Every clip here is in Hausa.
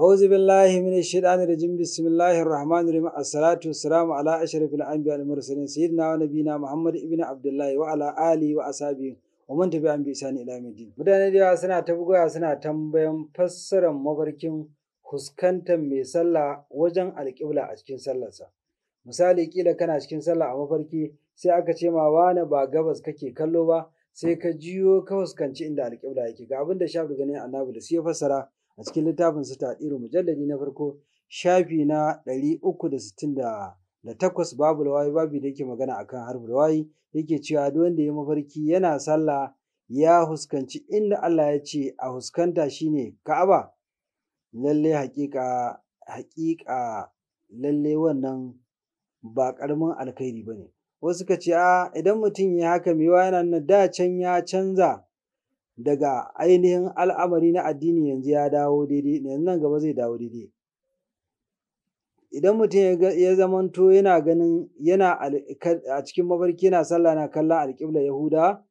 أعوذ بالله من الشيطان الرجيم بسم الله الرحمن الرحيم الصلاة والسلام على أشرف الأنبياء والمرسلين سيدنا ونبينا محمد ابن عبد الله وعلى آله وأصحابه ومن تبعهم بإحسان إلى يوم الدين. Mutane da yawa suna ta bugawa suna tambayan fassarar mafarkin fuskantar mai sallah wajen alƙibla a cikin sallarsa. Misali kila kana cikin sallah a mafarki sai aka ce ma wani ba gabas kake kallo ba sai ka jiyo ka fuskanci inda alƙibla yake ga abin da shafi ganin annabi da sai ya fassara a cikin littafin su tadiru mujalladi na farko shafi na da ɗari takwas babu rawayi babu da yake magana akan harfu lawayi yake cewa duk wanda ya mafarki yana sallah ya huskanci inda Allah ya ce a huskanta shine Ka'aba lalle haƙiƙa haƙiƙa lalle wannan ba ƙaramin alkhairi bane wasu ka ce a idan mutum ya haka mewa yana nan da can ya canza daga ainihin al'amari na addini yanzu ya dawo daidai yanzu nan gaba zai dawo daidai idan mutum ya zamanto yana ganin yana a cikin mafarki yana sallah na kallon alƙibla yahuda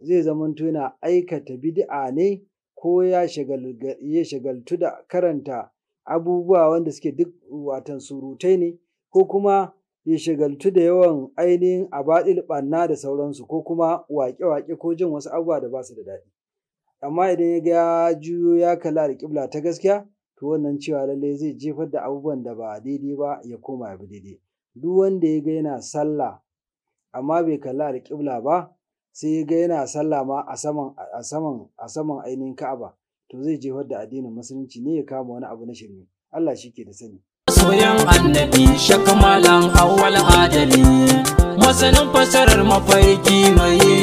zai zamanto yana aikata bid'a ne ko ya shagaltu da karanta abubuwa wanda suke duk watan surutai ne ko kuma ya shagaltu da yawan ainihin abaɗil ɓanna da sauransu ko kuma waƙe-waƙe ko jin wasu abubuwa da ba su da daɗi amma idan ya ga juyo ya kalla da ƙibla ta gaskiya to wannan cewa lallai zai jefar da abubuwan da ba daidai ba ya koma ya bi daidai duk wanda ya ga yana sallah amma bai kalla da ƙibla ba sai ya ga yana sallah ma a saman a saman a saman ainihin Ka'aba to zai jefar da addinin musulunci ne ya kama wani abu na shirme Allah shi ke da sani soyan annabi shakamalan awwal adali masanin fasarar mafarki mai